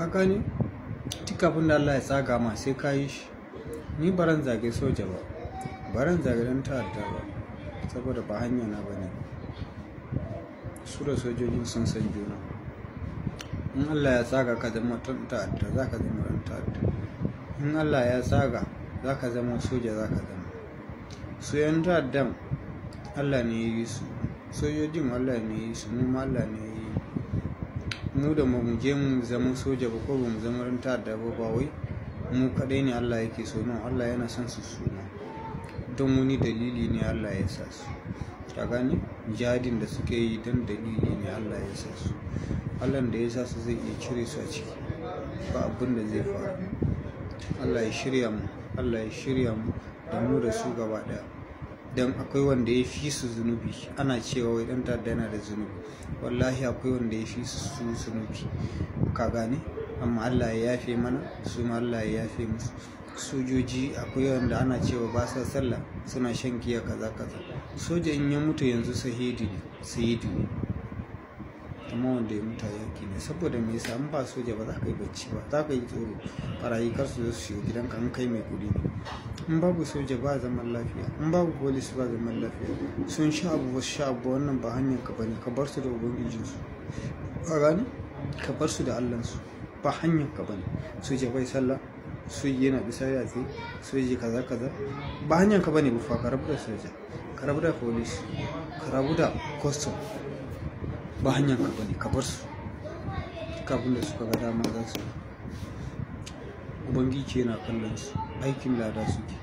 ka gane duk da Allah ya tsaga ma sai ka yi shi ni baran zage soja ba baran zage dan ta'adda ba saboda ba hanya na bane su da sojojin sun san juna in Allah ya tsaga ka zama dan ta'adda za ka zama dan ta'adda in Allah ya tsaga za ka zama soja za ka zama su yan ta'addan Allah ne ya yi su sojojin Allah ne ya yi su mu Allah ne ya yi mu da mu je mu zama soja ba ko ba mu zama ran da ba ba wai mu kadai ne Allah yake so mu Allah yana son su suna don wani dalili ne Allah ya sa su ka gani jadin da suke yi don dalili ne Allah ya sa su Allah da ya sa su zai iya cire su a ciki ba abin da zai faru Allah ya shirya mu Allah ya shirya mu da mu da su gaba daya don akwai wanda ya fi su zunubi ana cewa wai dan tada yana da zunubi wallahi akwai wanda ya fi su zunubi ka gane amma Allah ya yafe mana su ma Allah ya yafe musu sojoji akwai wanda ana cewa ba sa sallah suna shan giya kaza kaza soja in ya mutu yanzu sahidi ne amma wanda ya mutu yanki ne saboda me yasa in ba soja ba za ka yi bacci ba za ka yi tsoro barayi kar su zo su shiga gidanka an kai mai kuɗi ne in babu soja ba zaman lafiya in babu polis ba zaman lafiya sun sha abu wasu sha abu wannan ba hanyar ka bane ka bar su da su a gani ka bar su da allansu ba hanyar ka bane soja bai sallah su yana bisa yatsi su yi kaza kaza ba hanyar ka bane ba fa ka rabu da soja ka rabu da polis ka rabu da custom ba hanyar ka bane ka bar su kafin da suka ga dama za su ubangiji yana kallon su aikin lada suke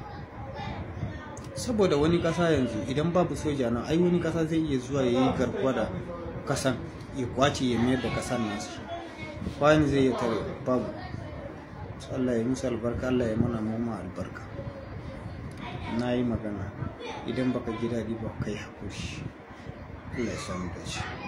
saboda wani kasa yanzu idan babu soja nan ai wani kasa zai iya zuwa ya yi garkuwa da kasan ya kwace ya mayar da kasan nasu bayan zai iya tare babu Allah ya musu albarka Allah ya mana mama albarka na yi magana idan baka gida daɗi ba kai haƙuri Allah ya samu dace